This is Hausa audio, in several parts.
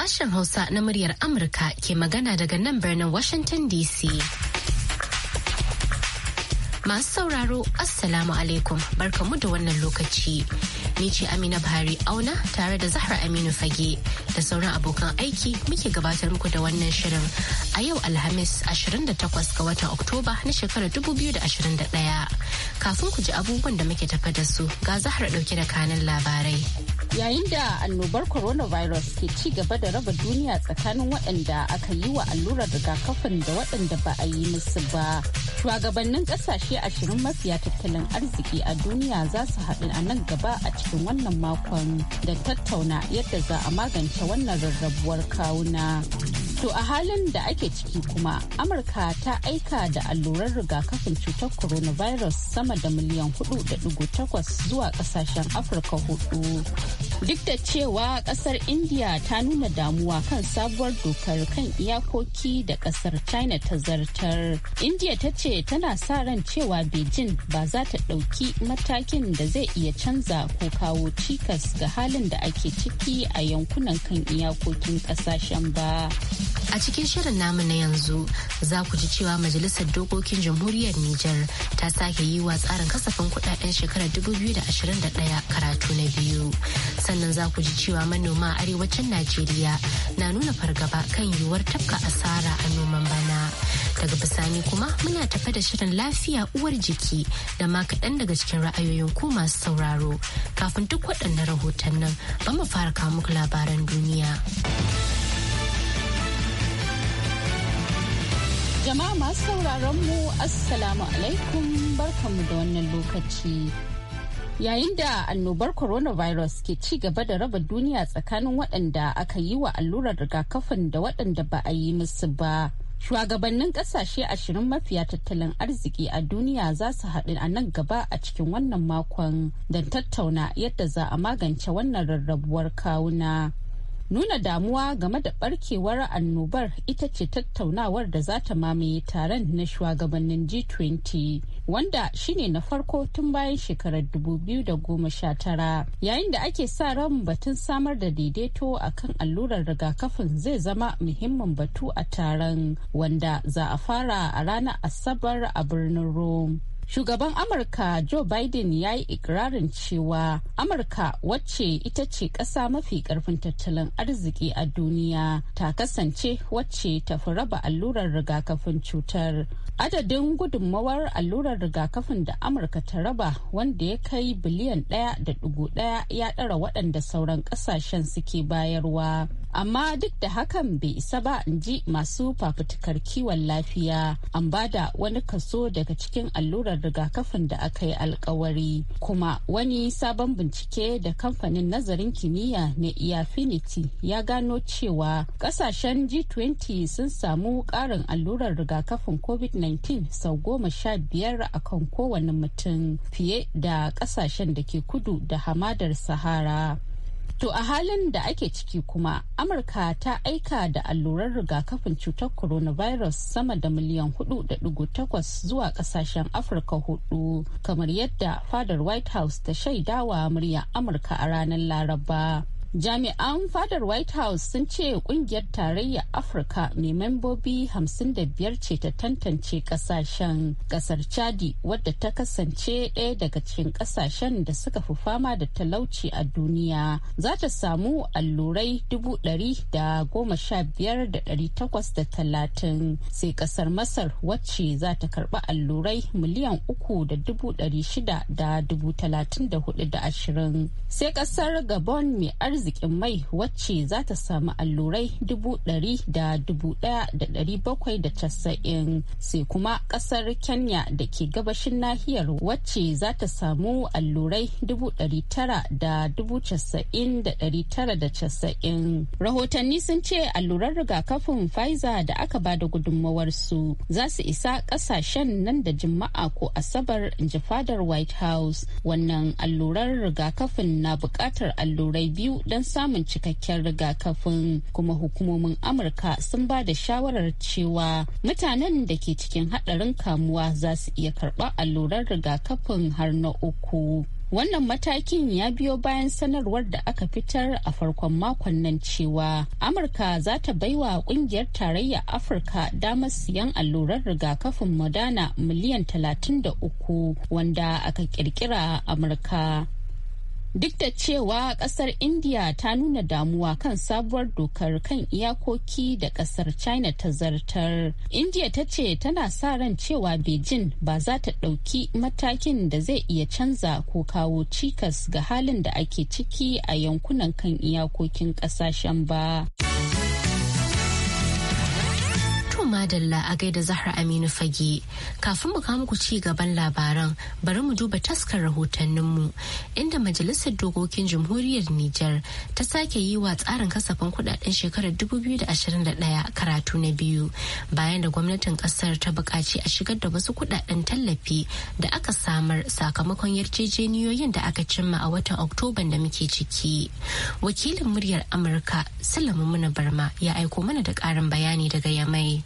Sashen Hausa na muryar Amurka ke magana daga nan birnin Washington DC. Masu sauraro, Assalamu alaikum, barkamu da wannan lokaci. Ni ce Amina Buhari Auna tare da Zahra Aminu Fage da sauran abokan aiki muke gabatar muku da wannan shirin a yau Alhamis 28 ga watan Oktoba na shekarar 2021. Kafin ku ji abubuwan da muke tafa da su ga Zahra dauke da kanin labarai. yayin da annobar coronavirus ke ci gaba da raba duniya tsakanin waɗanda aka yi wa allurar rigakafin da waɗanda ba a yi musu ba shugabannin ƙasashe ashirin mafiya tattalin arziki a duniya za su haɗu a nan gaba a cikin wannan makon da tattauna yadda za a magance wannan rarrabuwar kawuna To a halin da ake ciki kuma Amurka ta aika da allurar rigakafin cutar coronavirus sama da miliyan 4.8 zuwa ƙasashen Afirka hudu. duk da cewa kasar india ta nuna damuwa kan sabuwar dokar kan iyakoki da kasar china ta zartar india ta ce tana sa ran cewa beijing ba za ta ɗauki matakin da zai iya canza ko kawo cikas ga halin da ake ciki a yankunan kan iyakokin kasashen ba a cikin shirin namu na yanzu za ku ji cewa majalisar dokokin jamhuriyar niger ta sake yi wa tsarin kasafin kudaden shekarar 2021 karatu na biyu sannan za ku ji cewa manoma a arewacin najeriya na nuna fargaba kan yiwuwar tafka asara a noman bana daga bisani kuma muna tafe da shirin lafiya uwar jiki da ma kaɗan daga cikin ra'ayoyin ku masu sauraro kafin duk waɗannan nan ba mu fara kawo muku labaran duniya. Jama'a masu sauraron mu Assalamu alaikum barkanmu da wannan lokaci. yayin da annobar coronavirus ke ci gaba da raba duniya tsakanin waɗanda aka yi wa allurar rigakafin da waɗanda ba a yi musu ba shugabannin ƙasashe ashirin mafiya tattalin arziki a duniya za su haɗu a nan gaba a cikin wannan makon don tattauna yadda za a magance wannan rarrabuwar kawuna nuna damuwa game da ɓarkewar annobar ita ce tattaunawar da za ta mamaye taron na shugabannin g20 wanda shine na farko tun bayan shekarar 2019 yayin da ake sa ran batun samar da daidaito a kan allurar rigakafin zai zama muhimmin batu a taron wanda za a fara a ranar asabar a birnin rome shugaban amurka joe biden ya yi ikirarin cewa amurka wacce ita ce ƙasa mafi karfin tattalin arziki a duniya ta kasance wacce ta fi raba allurar rigakafin cutar adadin gudunmawar allurar rigakafin da amurka ta raba wanda ya kai biliyan ɗaya da dugu ɗaya ya ɗara waɗanda sauran ƙasashen suke bayarwa amma duk da hakan bai isa ba in ji masu fafutukar kiwon lafiya an bada wani kaso daga cikin allurar rigakafin da aka yi alkawari kuma wani sabon bincike da kamfanin nazarin kimiyya na iafinity ya gano cewa ƙasashen g20 sun samu ƙarin allurar rigakafin covid-19 sau goma sha biyar a kan kowane mutum fiye da kasashen da ke kudu da hamadar sahara To a halin da ake ciki kuma Amurka ta aika da allurar rigakafin cutar coronavirus sama da miliyan 4.8 zuwa kasashen Afirka hudu kamar yadda fadar White House ta shaidawa muryar Amurka a ranar Laraba. jami'an fadar white house sun ce kungiyar tarayya afirka mai membobi 55 ce ta tantance kasashen kasar chadi wadda ta kasance ɗaya daga cikin kasashen da suka fi fama da talauci a duniya za ta samu allurai 115,830 sai kasar masar wacce za ta karba allurai miliyan ashirin sai kasar gabon mai arziki arzikin mai wacce za ta samu allurai dubu da casa'in sai kuma ƙasar kenya da ke gabashin nahiyar wacce za ta samu allurai dubu da casa'in da da casa'in rahotanni sun ce alluran rigakafin pfizer da aka ba da gudunmawarsu za su isa ƙasashen nan da jima'a ko asabar inji fadar white house wannan allurar rigakafin na buƙatar allurai biyu don samun cikakken rigakafin kuma hukumomin amurka sun ba da shawarar cewa mutanen da ke cikin haɗarin kamuwa za su iya karɓar allurar rigakafin har na uku wannan matakin ya biyo bayan sanarwar da aka fitar a farkon makon nan cewa amurka za ta baiwa kungiyar tarayya afirka damar siyan allurar rigakafin modana miliyan 33 wanda aka kirkira amurka Duk da cewa kasar India ta nuna damuwa kan sabuwar dokar kan iyakoki da kasar China ta zartar. India ta ce tana sa ran cewa Beijing ba za ta ɗauki matakin da zai iya canza ko kawo cikas ga halin da ake ciki a yankunan kan iyakokin ƙasashen ba. madalla a gaida Zahra Aminu Fage. Kafin mu kawo muku ci gaban labaran, bari mu duba taskar rahotanninmu inda Majalisar Dokokin Jamhuriyar Nijar ta sake yi wa tsarin kasafin kudaden shekarar 2021 karatu na biyu bayan da gwamnatin kasar ta bukaci a shigar da wasu kudaden tallafi da aka samar sakamakon yarjejeniyoyin da aka cimma a watan Oktoban da muke ciki. Wakilin muryar Amurka Sulaiman Muna Barma ya aiko mana da karin bayani daga Yamai.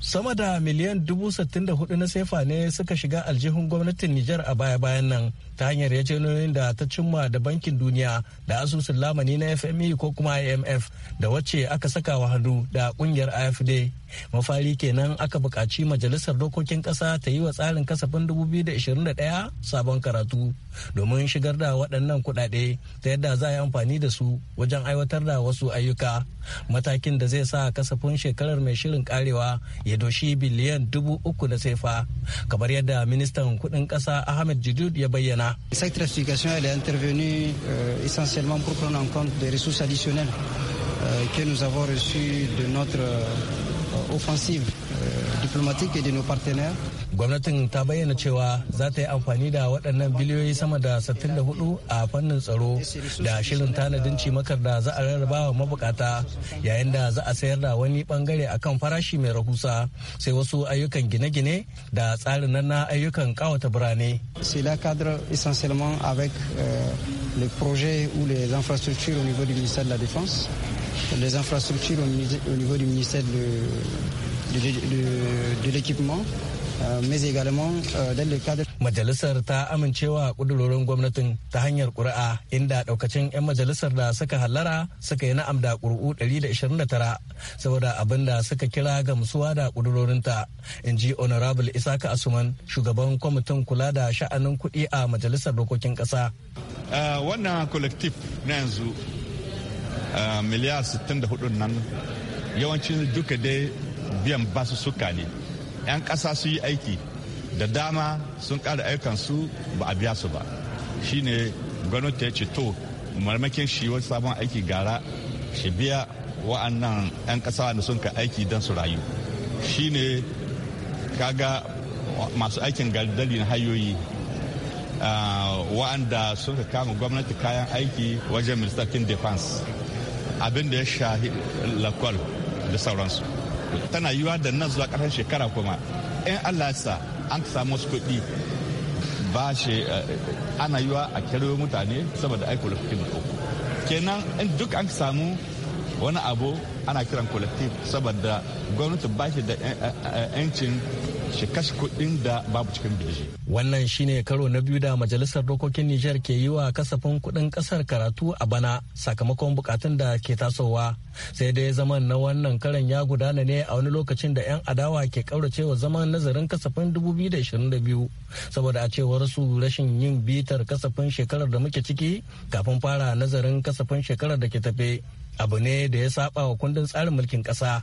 sama da miliyan dubu sittin da hudu na sefa ne suka shiga aljihun gwamnatin Nijar a baya-bayan nan ta hanyar yarjejeniyoyin da ta cimma da bankin duniya da asusun lamani na fme ko kuma imf da wacce aka saka wa hannu da kungiyar afd mafari kenan aka bukaci majalisar dokokin ƙasa ta yi wa tsarin kasafin 2021 sabon karatu domin shigar da waɗannan kuɗaɗe ta yadda za a yi amfani da su wajen aiwatar da wasu ayyuka matakin da zai sa kasafin shekarar mai shirin karewa ya doshi biliyan dubu uku da sefa kamar yadda ministan kuɗin ƙasa ahmed jidud ya bayyana Cette classification elle est intervenue euh, essentiellement pour prendre en compte des ressources additionnelles euh, que nous avons reçues de notre euh, offensive euh, diplomatique et de nos partenaires. Gwamnatin ta bayyana cewa za ta yi amfani da waɗannan biliyoyi sama da 64 a fannin tsaro da shirin tanadin cimakar da za a rarraba wa mabukata yayin da za a sayar da wani bangare akan farashi mai rahusa sai wasu ayyukan gine-gine da tsarin na ayyukan kawata birane. C'est la cadre essentiellement avec euh, les projets ou les infrastructures au niveau du ministère de la Défense, les infrastructures au niveau du ministère de de l'équipement, euh, mais également euh, dans le cadre. Majalisar ta amincewa kudurorin gwamnatin ta hanyar ƙuri'a inda daukacin 'yan majalisar da suka hallara suka yi na'am da ƙuri'u 129 saboda abin da suka kira gamsuwa da kudurorinta in ji honorable isaka asuman shugaban kwamitin kula da sha'anin kuɗi a majalisar dokokin ƙasa. Ah, wannan kolektif na yanzu ah, miliyar 64 nan yawancin duka dai biyan suka ne 'yan ƙasa su yi aiki da dama sun ƙara aikansu ba a biya su ba shine gwamnati ya ce to marmakin shi wani sabon aiki gara shi biya wa'annan 'yan ƙasa da sun ka aiki don su rayu shine kaga masu aikin gardali na hanyoyi wa'anda sun ka kama gwamnati kayan aiki wajen ministakin defense abin da ya shahi lakwal da sauransu tana yiwuwa da nan zuwa ƙarshen shekara kuma in allah sa an samu wasu kuɗi ba shi eh, ana yiwa a kirayo mutane saboda ai collective uku kenan in duk an samu wani abu ana kiran collective saboda gwamnati ba shi da eh, eh, 'yancin shi kashe kuɗin da babu cikin beji. Wannan shi ne karo na biyu da Majalisar Dokokin Nijar ke yi wa kasafin kuɗin ƙasar karatu a bana sakamakon bukatun da ke tasowa. Sai dai zaman na wannan karan ya gudana ne a wani lokacin da 'yan adawa ke kauracewa zaman nazarin kasafin 2022 saboda a cewar su rashin yin bitar kasafin shekarar da muke ciki kafin fara nazarin kasafin shekarar da ke tafe abu ne da ya saba wa kundin tsarin mulkin ƙasa.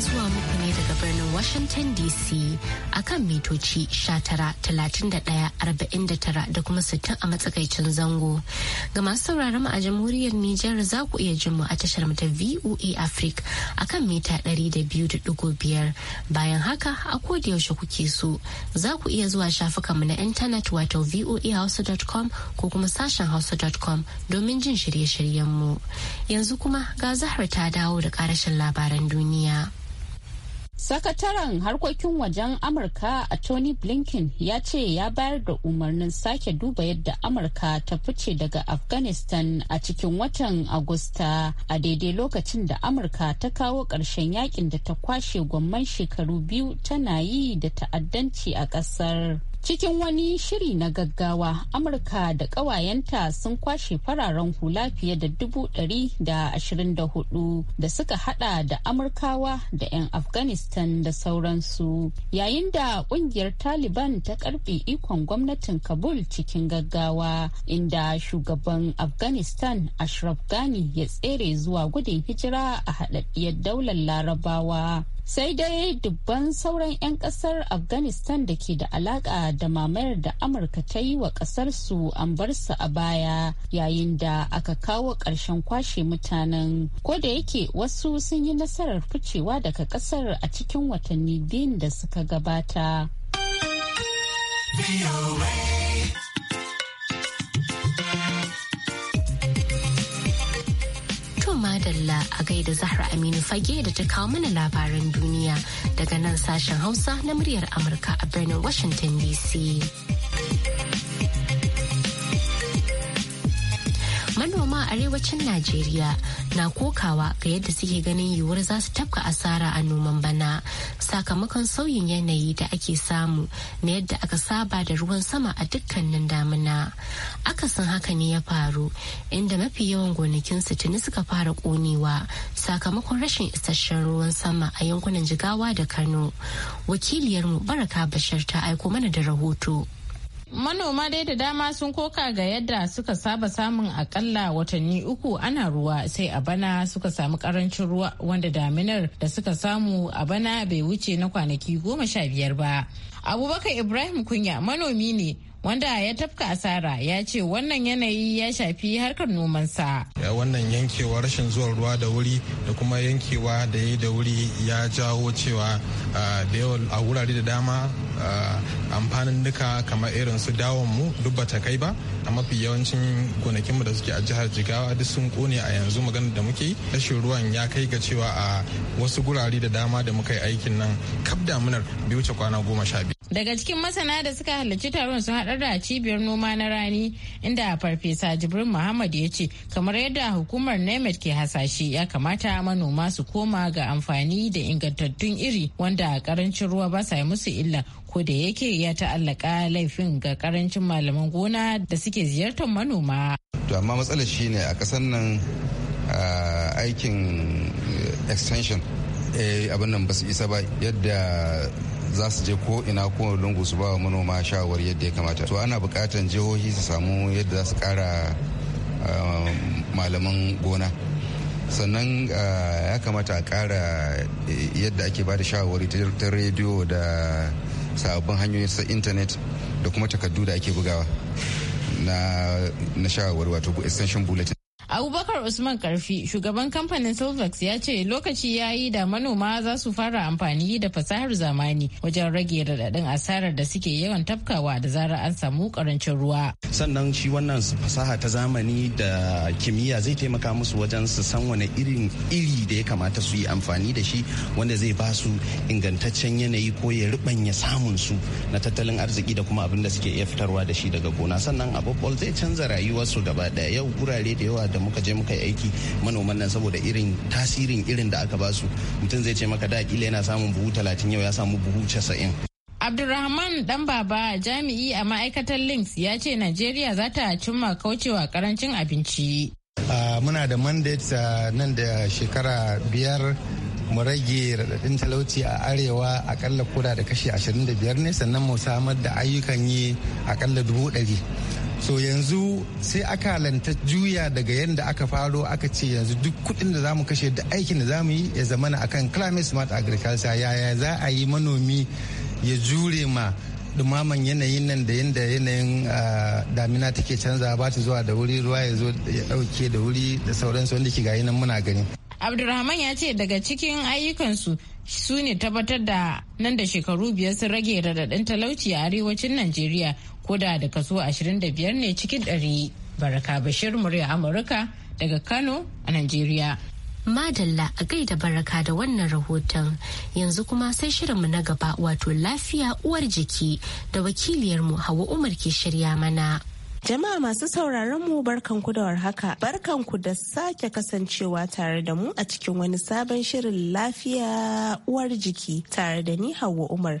zuwa muku ne daga birnin Washington DC akan mitoci 19,31,49 da kuma 60 a matsakaicin zango. Ga masu sauraron a jamhuriyar Nijar za ku iya jin mu a tashar mata VOA Africa akan mita 200.5 bayan haka a da yaushe kuke so za ku iya zuwa shafukanmu na intanet wato voahouse.com ko kuma sashen hausa.com domin jin shirye-shiryenmu. Yanzu kuma ga zahra ta dawo da karashin labaran duniya. Sakataren harkokin wajen Amurka a Tony Blinken ya ce ya bayar da umarnin sake duba yadda Amurka ta fice daga Afghanistan a cikin watan Agusta a daidai lokacin da Amurka ta kawo ƙarshen yakin da ta kwashe gwamman shekaru biyu tana yi da ta'addanci a ƙasar. cikin wani shiri na gaggawa amurka da ƙawayenta sun kwashe fararen hula fiye da dubu ɗari da ashirin da hudu da suka hada da amurkawa da 'yan afghanistan da sauransu yayin da ƙungiyar taliban ta karfe ikon gwamnatin kabul cikin gaggawa inda shugaban afghanistan ashraf ghani ya tsere zuwa gudun hijira a haɗaɗɗiyar daular larabawa sai dai dubban sauran 'yan kasar afghanistan da ke da alaka da mamayar da amurka ta yi wa kasarsu an bar su a baya yayin da aka kawo ƙarshen kwashe mutanen ko da yake wasu sun yi nasarar ficewa daga kasar a cikin watanni biyun da suka gabata. madalla a gaida Zahra Aminu Fage da ta kawo mana labaran duniya daga nan sashen Hausa na muryar Amurka a birnin Washington DC. manoma a arewacin najeriya na kokawa ga yadda suke ganin yiwuwar za su tafka asara a noman bana sakamakon sauyin yanayi da ake samu na yadda aka saba da ruwan sama a dukkanin damina akasin haka ne ya faru inda mafi yawan gonakin su tuni suka fara konewa sakamakon rashin isasshen ruwan sama a yankunan jigawa da kano wakiliyarmu baraka bashar ta aiko mana da rahoto Manoma dai da dama sun koka ga yadda suka saba samun akalla watanni uku ana ruwa sai a bana suka samu karancin ruwa wanda daminar da suka samu a bana bai wuce na kwanaki goma sha biyar ba. Abubakar Ibrahim Kunya manomi ne wanda ya tafka asara ya ce wannan yanayi ya shafi harkar nomansa. wannan yankewa rashin zuwan ruwa da wuri da kuma yankewa da yi da wuri ya jawo cewa da a wurare da dama amfanin duka kamar irin su dawon mu duk ta kai ba a mafi yawancin gonakinmu da suke a jihar jigawa duk sun kone a yanzu magana da muke rashin ruwan ya kai ga cewa a wasu gurare da dama da muka yi aikin nan kaf damunar biyu wuce kwana goma sha biyu. daga cikin masana da suka halarci taron sun haɗa tare da cibiyar noma na rani inda farfesa jibrin muhammad ya ce kamar yadda hukumar nemet ke hasashe ya kamata manoma su koma ga amfani da ingantattun iri wanda karancin ruwa ba sa musu illa ko da yake ya ta'allaka laifin ga karancin malaman gona da suke ziyartar manoma. to amma matsalar shi ne a kasan nan aikin eh, extension eh, abin nan ba su isa ba yadda za su je ko ina ko lungu su ba wa manoma shawar yadda ya kamata to ana bukatan jihohi su samu yadda za su kara eh, malaman gona sannan eh, ya kamata a kara eh, yadda ake ba da shawarwari ta rediyo da sabbin hanyoyin sa intanet da kuma takardu da ake bugawa na shawarwari wato extension bulletin Abubakar Usman Karfi shugaban kamfanin Silvex ya ce lokaci ya yi da manoma za su fara amfani da fasahar zamani wajen rage radadin asarar da suke yawan tafkawa da zarar an samu karancin ruwa. Sannan shi wannan fasaha ta zamani da kimiyya zai taimaka musu wajen su san wani irin iri da ya kamata su yi amfani da shi wanda zai ba su ingantaccen yanayi ko ya rubanya samun su na tattalin arziki da kuma abin da suke iya fitarwa da shi daga gona sannan abubuwan zai canza rayuwarsu gaba daya yau gurare da yawa da muka je muka yi aiki manoman nan saboda irin tasirin irin da aka basu mutum zai ce maka da kila yana samun buhu talatin yau ya samu buhu casa'in Abdulrahman dan baba jami'i a ma'aikatar Links ya ce Najeriya za ta cimma kaucewa karancin abinci. Uh, muna da mandate uh, nan da shekara biyar mu rage raɗaɗin talauci a arewa akalla kura da kashi 25 ne sannan mu samar da ayyukan yi akalla dubu ɗari so yanzu sai aka lanta juya daga yadda aka faro aka ce yanzu duk kudin da zamu kashe da aikin da zamu yi ya zamana akan climate smart agriculture yaya za a yi manomi ya jure ma dumaman yanayin nan da yadda yanayin ah, damina take canza ba ta zuwa da wuri ruwa ya zo ya dauke da wuri da sauransu wanda ke gayi nan muna gani abdulrahman ya ce daga cikin ayyukansu su ne tabbatar da nan da shekaru biyar sun rage radadin talauci a arewacin najeriya koda da kaso 25 ne cikin ɗari. Baraka Bashir murya Amurka daga Kano a Najeriya. Madalla a da baraka da wannan rahoton yanzu kuma sai shirinmu na gaba wato lafiya uwar jiki da wakiliyar mu Hawa Umar ke shirya mana. Jama'a masu sauraron mu barkanku da warhaka. Barkanku da sake kasancewa tare da mu a cikin wani sabon shirin lafiya uwar jiki tare da ni Hauwa Umar.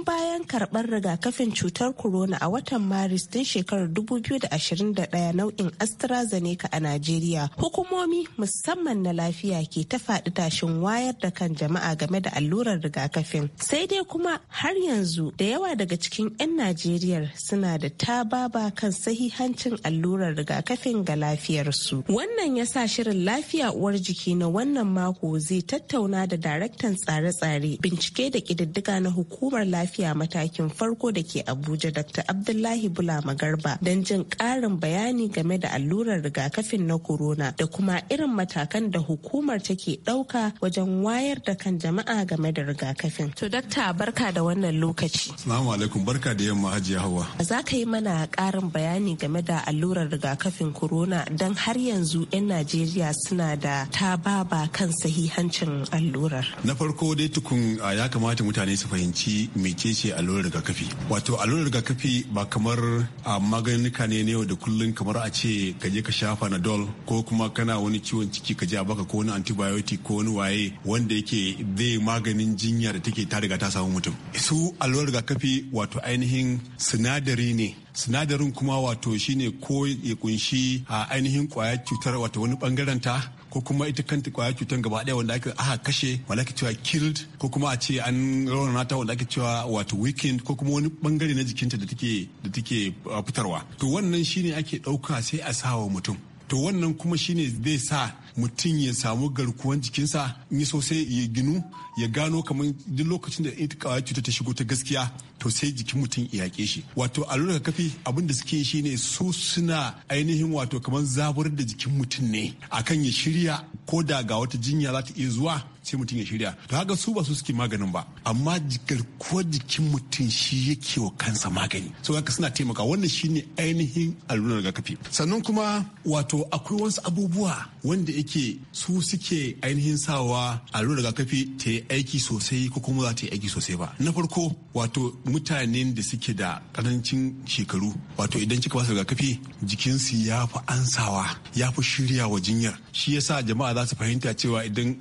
bayan karɓar rigakafin cutar corona a watan maris din shekarar 2021 nau'in astrazeneca a najeriya hukumomi musamman na lafiya ke ta faɗi tashin wayar da kan jama'a game da allurar rigakafin sai dai kuma har yanzu da yawa daga cikin 'yan najeriya suna da tababa kan sahihancin allurar rigakafin ga lafiyarsu wannan ya sa shirin lafiya uwar jiki na wannan mako zai tattauna da daraktan tsare-tsare bincike da ƙididdiga na hukumar lafiya tafiya matakin farko da ke Abuja Dr. Abdullahi Bulama Garba don jin ƙarin bayani game da allurar rigakafin na corona da kuma irin matakan da hukumar take ɗauka wajen wayar da kan jama'a game da rigakafin. To dakta barka da wannan lokaci. salamu alaikum barka da yamma Hajiya Hawa. Za ka yi mana ƙarin bayani game da allurar rigakafin corona don har yanzu 'yan Najeriya suna da ta tababa kan sahihancin allurar. Na farko dai tukun ya kamata mutane su fahimci ke ita ce allurar rigakafi wato allurar rigakafi ba kamar a ah, maganika ne na yau da kullum kamar a ce ka je ka sha dol ko kuma kana wani ciwon ciki ka je a baka ko wani antibiotic ko wani waye wanda yake zai maganin jinya da take ta riga ta samu mutum su allurar rigakafi wato ainihin sinadari ne sinadarin kuma wato shine ko ya kunshi a ah, ainihin kwayar cutar wato wani bangaren ta ko kuma ita kanta kwaya cutar gaba daya wanda ake aka kashe wanda ake cewa killed ko kuma a ce an raunana ta wanda ake cewa wato weekend ko kuma wani bangare na jikinta da take da take uh, fitarwa to wannan shine ake dauka sai a sawa mutum to wannan kuma shine zai sa mutum ya samu garkuwan jikinsa in yi sosai ya ginu ya gano kamar duk lokacin da ita cuta ta shigo ta gaskiya to sai jikin mutum ya yaƙe shi wato lura kafi abin da suke shi ne su suna ainihin wato kamar zabar da jikin mutum ne akan ya shirya ko da ga wata jinya za ta iya zuwa sai mutum ya shirya to haka su ba su suke maganin ba amma garkuwar jikin mutum shi yake wa kansa magani so haka suna taimaka wannan shine ainihin allurar rigakafi sannan kuma wato akwai wasu abubuwa wanda yake su suke ainihin sawa allurar rigakafi ta yi aiki sosai ko kuma za ta yi aiki sosai ba na farko wato mutanen da suke da karancin shekaru wato idan kika ba su rigakafi jikinsu ya fi ansawa ya fi shirya wa jinyar shi yasa jama'a za su fahimta cewa idan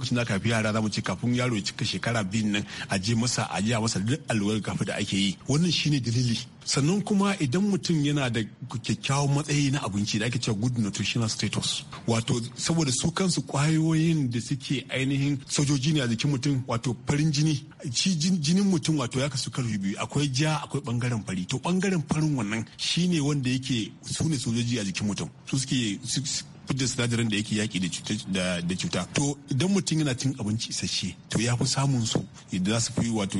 lokacin da aka fi yara zamu ce kafin yaro ya cika shekara biyun nan a je masa a je masa duk allurar kafin da ake yi wannan shine dalili sannan kuma idan mutum yana da kyakkyawan matsayi na abinci da ake cewa good nutritional status wato saboda su kansu kwayoyin da suke ainihin sojoji ne a jikin mutum wato farin jini ci jinin mutum wato ya kasu karfi biyu akwai ja akwai bangaren fari to bangaren farin wannan shine wanda yake su ne sojoji a jikin mutum su suke fitar sinadarin da yake yaki da cuta to idan mutum yana cin abinci isasshe to ya fi samun su idan za su fi wato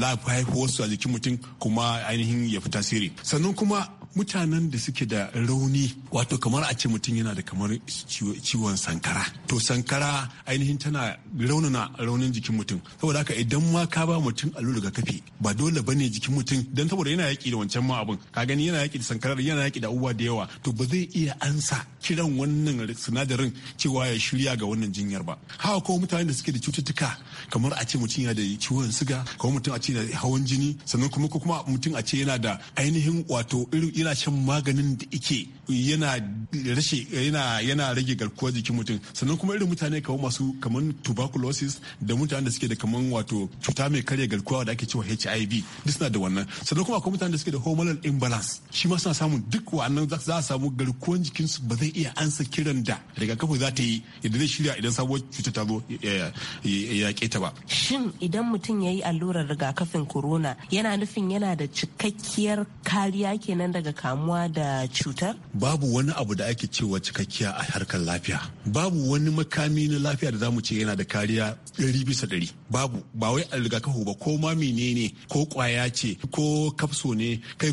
za a fi haihuwar a jikin mutum kuma ainihin ya fi tasiri sannan kuma mutanen da suke da rauni wato kamar a ce mutum yana da kamar ciwon sankara to sankara ainihin tana raunana raunin jikin mutum saboda haka idan ma ka ba mutum allura kafi ba dole bane jikin mutum dan saboda yana yaki da wancan ma abun ka gani yana yaki da sankarar yana yaki da uwa da yawa to ba zai iya ansa kiran wannan sinadarin cewa ya shirya ga wannan jinyar ba haka kuma mutanen da suke da cututtuka kamar a ce mutum yana da ciwon siga kamar mutum a ce da hawan jini sannan kuma kuma mutum a ce yana da ainihin wato irin yana shan maganin da ike yana rage garkuwar jikin mutum sannan kuma irin mutane kamar masu kamar tuberculosis da mutanen da suke da kamar wato cuta mai karya garkuwa da ake cewa HIV duk suna da wannan sannan kuma akwai mutane da suke da hormonal imbalance shi ma suna samun duk wannan za a samu garkuwar jikin su ba zai iya ansa kiran da rigakafi za ta yi idan zai shirya idan sabuwar cuta ta zo ya keta ba shin idan mutum ya yi allurar rigakafin corona yana nufin yana da cikakkiyar kariya kenan daga kamuwa da cutar? Babu wani abu da ake cewa cikakkiya a harkar lafiya. Babu wani makami na lafiya da zamu ce yana da kariya ɗari bisa ɗari. Babu ba wai a rigakafi ba ko ma menene ko kwaya ce ko kafso ne kai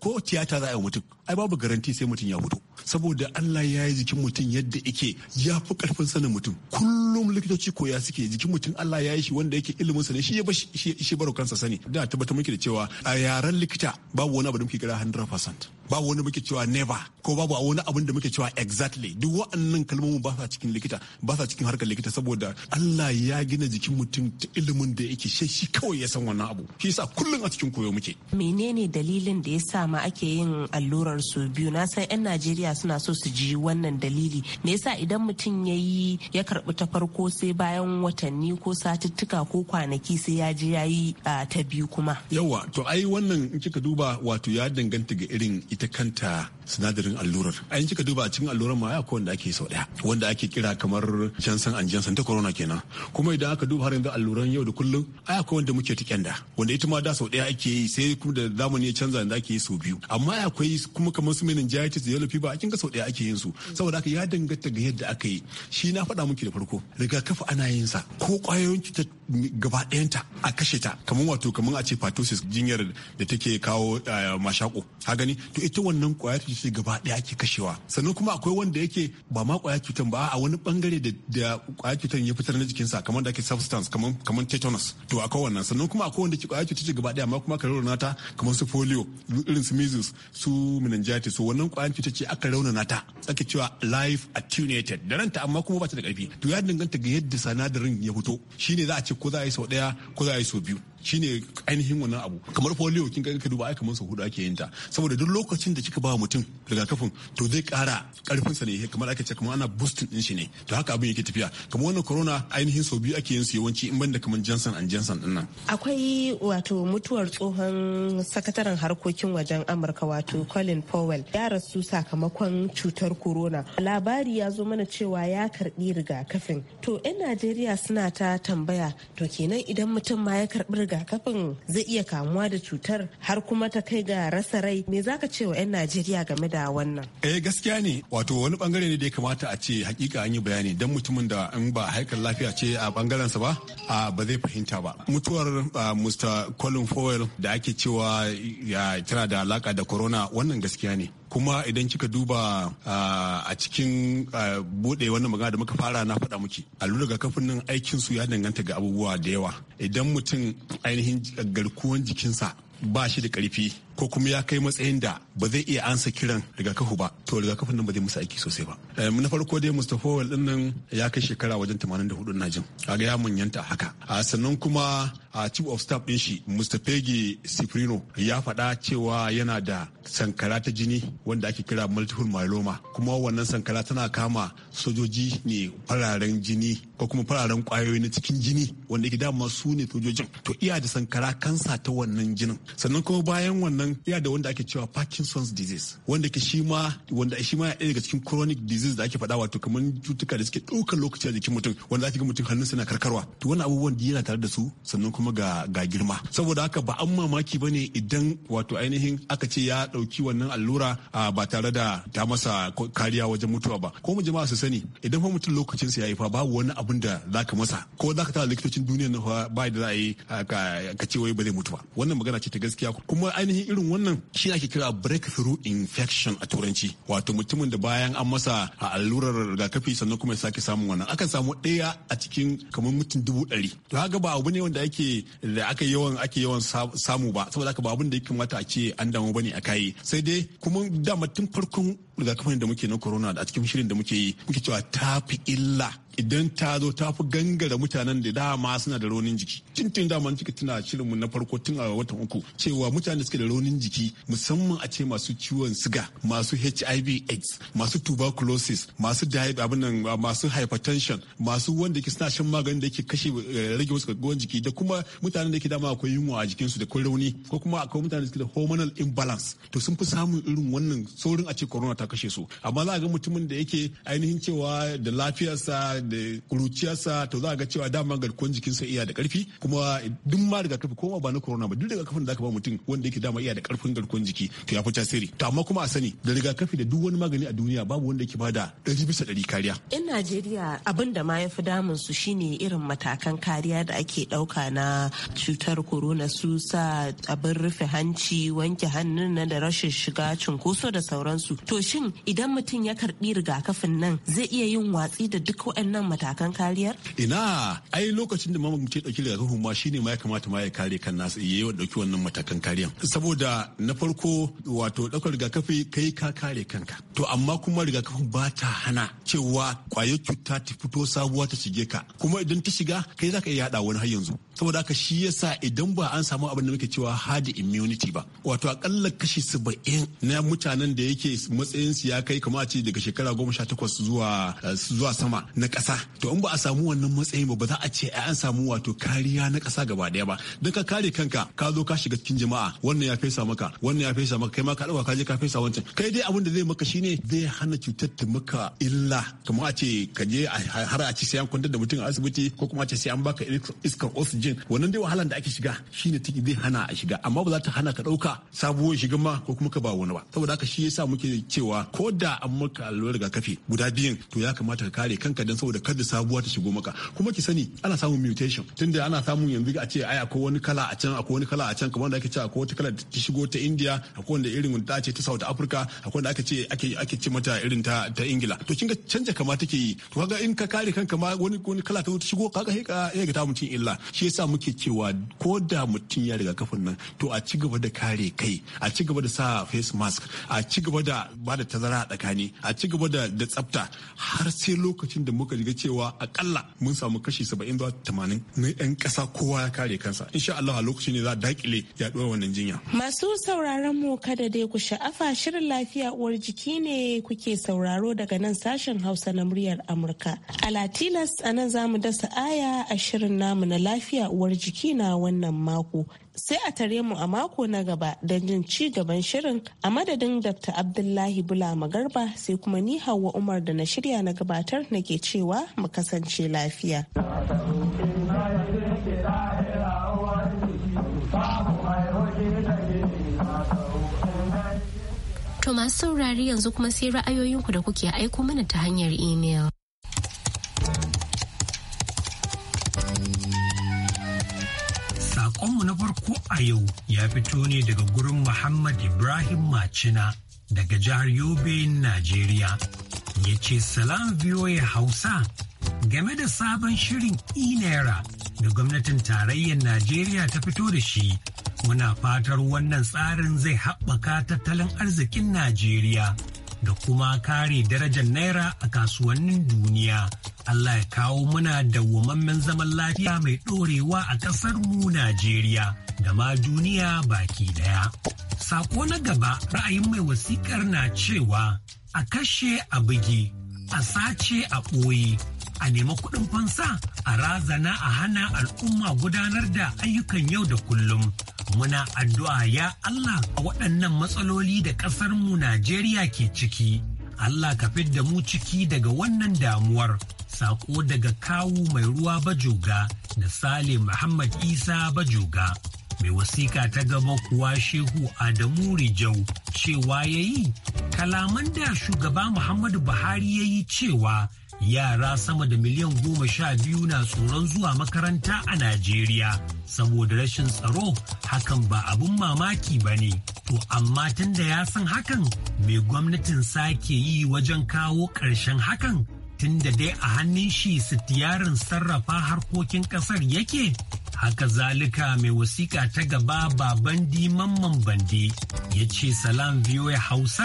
ko tiyata za a yi mutum ai babu garanti sai mutum ya fito saboda Allah ya yi jikin mutum yadda yake ya fi karfin sanin mutum kullum likitoci koya suke jikin mutum Allah ya yi shi wanda yake ilimin sa ne shi ya shi baro kansa sani da tabbatar muke da cewa a yaren likita babu wani abu da muke kira 100% Ba wani muke cewa never ko babu wani abin da muke cewa exactly duk wa'annan kalmomin ba sa cikin likita ba sa cikin harkar likita saboda Allah ya gina jikin mutum ta ilimin da yake shi shi kawai ya san wannan abu shi yasa kullum a cikin koyo muke menene dalilin da yasa ma ake yin allurar su biyu na san yan Najeriya suna so su ji wannan dalili me yasa idan mutum yayi ya karbi ta farko sai bayan watanni ko satuttuka ko kwanaki sai ya ji yayi ta biyu kuma yawa to ai wannan in kika duba wato ya danganta ga irin ita kanta sinadarin allurar a kika duba a cikin allurar ma ya ko wanda ake sau daya wanda ake kira kamar jansan an jansan ta corona kenan kuma idan aka duba har yanzu alluran yau da kullum a akwai wanda muke ta kyanda wanda ita ma da sau daya ake yi sai kuma da zamani ya canza yanzu ake yi sau biyu amma akwai kuma kamar su meningitis da yellow fever a kinga sau daya ake yin su saboda haka ya danganta ga yadda aka yi shi na faɗa muke da farko rigakafi ana yin sa ko kwayoyin cutar gaba ɗayanta a kashe ta kamar wato kamar a ce patosis jinyar da take kawo eh, mashako ha gani to ita wannan kwayar cutar gaba ɗaya ake kashewa sannan kuma akwai wanda yake ba ma kwayar cutar ba a wani bangare da kwayar cutar ya fitar na jikinsa kamar da ake substance kamar kamar tetanus to akwai wannan sannan kuma akwai wanda ke kwayar cutar gaba ɗaya amma kuma aka raunana ta kamar su polio irin su measles su meningitis so wannan kwayar cutar ce aka raunana ta ake cewa life attenuated da ranta amma kuma ba ta da ƙarfi to ya danganta ga yadda sanadarin ya fito shine za a ce ko za a yi sau ɗaya ko za a yi sau biyu shine ainihin wannan abu kamar polio kin ga ka duba ai kamar su hudu ake yin ta saboda duk lokacin da kika ba mutum rigakafin to zai kara karfin sa ne kamar ake ce kamar ana boosting din shi ne to haka abin yake tafiya kamar wannan corona ainihin sau biyu ake yin su yawanci in banda kamar Johnson and Johnson din nan akwai wato mutuwar tsohon sakataren harkokin wajen Amurka wato Colin Powell ya rasu sakamakon cutar corona labari ya zo mana cewa ya karbi rigakafin to 'yan Najeriya suna ta tambaya to kenan idan mutum ma ya karbi rigakafin zai iya kamuwa da cutar har kuma ta kai ga rasa rai me zaka ce wa 'yan najeriya game da wannan eh gaskiya ne wato wani bangare ne da ya kamata a ce hakika an yi bayani dan mutumin da in ba haikar lafiya ce a bangaren sa ba a ba zai fahimta ba mutuwar mr colin powell da ake cewa ya tana da alaka da corona wannan gaskiya ne kuma idan kika duba a cikin bude wannan magana da muka fara na faɗa muke ga kafin nan aikin su ya danganta ga abubuwa da yawa idan mutum ainihin garkuwan jikinsa ba shi da karfi ko kuma ya kai matsayin da ba zai iya ansa kiran rigakafi ba to rigakafin nan ba zai musu aiki sosai ba na farko dai mustapha wal din ya kai shekara wajen 84 na jin kaga ya munyanta haka sannan kuma a chief of staff din shi mustapege sifrino ya faɗa cewa yana da sankara ta jini wanda ake kira multiple myeloma kuma wannan sankara tana kama sojoji ne fararen jini ko kuma fararen kwayoyi na cikin jini wanda ke dama su ne sojojin to iya da sankara kansa ta wannan jinin sannan kuma bayan wannan nan yana da wanda ake cewa Parkinson's disease wanda ke shi ma wanda shi ma yana daga cikin chronic disease da ake faɗa wato kamar cutuka da suke ɗaukar lokaci a jikin mutum wanda ake ga mutum hannunsa na karkarwa to wannan abubuwan da yana tare da su sannan kuma ga ga girma saboda haka ba an mamaki ba ne idan wato ainihin aka ce ya ɗauki wannan allura ba tare da ta masa kariya wajen mutuwa ba ko mu jama'a su sani idan fa mutum lokacin sa yayi fa babu wani abin da zaka masa ko zaka ta likitocin duniya na ba da za a yi ka ce wai ba zai mutu ba wannan magana ce ta gaskiya kuma ainihin irin wannan shi ake kira breakthrough infection a turanci wato mutumin da bayan an masa a allurar rigakafi sannan kuma ya sake samun wannan akan samu ɗaya a cikin kamar mutum dubu ɗari to haka ba abu ne wanda ake da aka yawan ake yawan samu ba saboda haka ba abin da yake kamata a ce an damu bane a kai sai dai kuma dama tun farkon rigakafin da muke na corona da a cikin shirin da muke yi muke cewa tafi illa idan ta zo ta fi gangara mutanen da dama suna da raunin jiki tintin dama tana tuna shirinmu na farko tun a watan uku cewa mutane suke da raunin jiki musamman a ce masu ciwon siga masu hiv aids masu tuberculosis masu abin nan masu hypertension masu wanda ke suna shan maganin da ke kashe eh, rage wasu garkuwar jiki da kuma mutanen da ke dama akwai yunwa a jikinsu da kwai rauni ko kuma akwai mutanen da suke da hormonal imbalance to sun fi samun irin wannan saurin a ce corona ta kashe su amma za a ga mutumin da yake ainihin cewa da lafiyarsa da kuruciyarsa to za ga cewa dama garkuwar jikinsa iya da karfi kuma duk ma daga kafi koma ba na corona ba duk daga kafin da zaka ba mutum wanda yake dama iya da karfin garkuwar jiki to ya fi tasiri to amma kuma a sani da rigakafi da duk wani magani a duniya babu wanda yake bada ɗari bisa ɗari kariya. In najeriya abin da ma ya fi damun su shine irin matakan kariya da ake ɗauka na cutar corona su sa abin rufe hanci wanke hannun na da rashin shiga cunkoso da sauransu to shin idan mutum ya karɓi rigakafin nan zai iya yin watsi da duk waɗannan waɗannan matakan kariyar? Ina ai lokacin da mamaki ta ɗauki rigakafin ma shine ma ya kamata ma ya kare kan nasa ya yawan ɗauki wannan matakan kariyar. Saboda na farko wato ɗaukar rigakafi kai ka kare kanka. To amma kuma rigakafin ba ta hana cewa ƙwayar cuta ta fito sabuwa ta shige ka. Kuma idan ta shiga kai za ka iya yaɗa wani har yanzu. saboda haka shi yasa idan ba an samu abin da muke cewa hard immunity ba wato akalla kashi saba'in na mutanen da yake matsayin su ya kai kamar ce daga shekara goma sha takwas eh, zuwa sama na ƙasa to in ba a samu wannan matsayin ba ba za a ce an samu wato kariya na ƙasa gaba daya ba don ka kare kanka ka zo ka shiga cikin jama'a wannan ya fesa maka wannan ya fesa maka kai ma ka ɗauka ka je ka fesa wancan kai dai abin da zai maka shine zai hana cutar ta maka illa kamar a ce ka je har a ci sai an kwantar da mutum a asibiti ko kuma a ce sai an baka iskar oxygen mijin wannan dai wahalan da ake shiga shine tiki zai hana a shiga amma ba za ta hana ka dauka sabuwar shiga ma ko kuma ka ba wani ba saboda haka shi yasa muke cewa ko da an maka allurar rigakafi guda biyun to ya kamata ka kare kanka dan saboda kada sabuwa ta shigo maka kuma ki sani ana samun mutation tunda ana samun yanzu a ce ai akwai wani kala a can akwai wani kala a can kamar da ake cewa akwai wata kala da ta shigo ta India akwai wanda irin wanda ce ta South Africa akwai wanda ake ce ake ake ce mata irin ta ta Ingila to kinga canja kama take yi to kaga in ka kare kanka ma wani wani kala ta shigo kaga sai ka ga ta mutun illa shi yasa muke cewa ko da mutum ya riga kafin nan to a ci gaba da kare kai a ci gaba da sa face mask a ci gaba da ba da tazara a tsakani a ci gaba da da tsafta har sai lokacin da muka riga cewa akalla mun samu kashi 70 zuwa 80 na yan kasa kowa ya kare kansa insha Allah a lokacin ne za a dakile yaduwar wannan jinya masu sauraron mu kada dai ku sha'afa shirin lafiya uwar jiki ne kuke sauraro daga nan sashen Hausa na muryar Amurka a Latinas a nan za mu dasa aya a shirin namu na lafiya uwar jiki na wannan mako. Sai a tare mu a mako na gaba don jin ci gaban shirin a madadin Dr. Abdullahi Bula Magarba sai kuma ni Hauwa Umar da na shirya na gabatar nake cewa mu kasance lafiya. To masu saurari yanzu kuma sai ra'ayoyinku da kuke aiko mana ta hanyar imel. Saƙonmu na farko a yau ya fito ne daga gurin Muhammad Ibrahim Macina daga jihar Yobe, Najeriya. Ya ce salam ya Hausa game da sabon shirin inera da gwamnatin tarayyar Najeriya ta fito da shi. Muna fatar wannan tsarin zai haɓaka tattalin arzikin Najeriya da kuma kare darajar Naira a kasuwannin duniya. Allah ya kawo muna dawwamammen zaman lafiya mai ɗorewa a ƙasar mu Najeriya da ma duniya baki daya. Sako na gaba ra'ayin mai wasikar na cewa a kashe a bugi, a sace a ɓoye, a nemi kuɗin fansa a razana a hana al'umma gudanar da ayyukan yau da kullum. Muna addu'a ya Allah a waɗannan matsaloli da ƙasarmu Najeriya ke ciki. Allah ka fidda mu ciki daga wannan damuwar sako daga kawu mai ruwa bajoga da Sale Muhammad Isa bajoga. Mai wasiƙa ta gaba kuwa Shehu Adamu Rijau cewa ya yi kalaman da shugaba Muhammadu Buhari ya yi cewa yara sama da miliyan goma sha biyu na tsoron zuwa makaranta a Najeriya saboda rashin tsaro hakan ba abin mamaki ba ne. To amma tun da ya san hakan me gwamnatin sake yi wajen kawo ƙarshen hakan tun da dai a hannun shi sitiyarin sarrafa harkokin ƙasar yake. Haka zalika mai wasiƙa ta gaba baban mamman bande ya ce salam ya hausa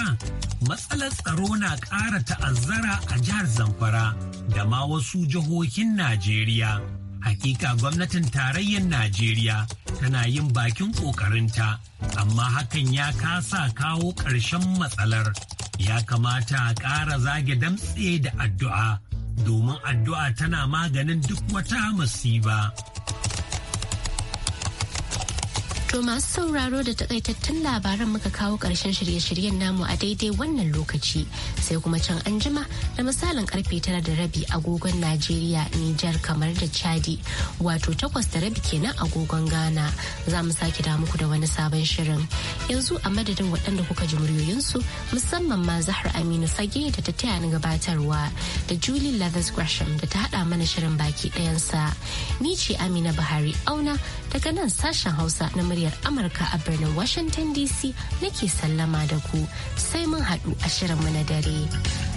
matsalar tsaro na ƙara ta'azzara a jihar Zamfara da ma wasu jihohin Najeriya. Hakika gwamnatin tarayyar Najeriya tana yin bakin ƙoƙarinta, amma hakan ya kasa kawo ƙarshen matsalar. Ya kamata a ƙara zage damtse da addu'a, domin addu'a tana maganin duk wata masiba. To masu sauraro da takaitattun labaran muka kawo ƙarshen shirye-shiryen namu a daidai wannan lokaci sai kuma can anjima jima da misalin karfe tara da rabi agogon Najeriya Nijar kamar da Chadi wato takwas da rabi kenan agogon Ghana za mu sake da muku da wani sabon shirin. Yanzu a madadin waɗanda kuka ji muryoyinsu musamman ma Zahra Aminu Fage da ta taya ni gabatarwa da Julie Lathers Gresham da ta haɗa mana shirin baki ɗayansa. Ni ce Amina Buhari Auna daga nan sashen Hausa na murya muryar Amurka a birnin Washington DC nake sallama da ku sai mun haɗu a shirinmu na dare.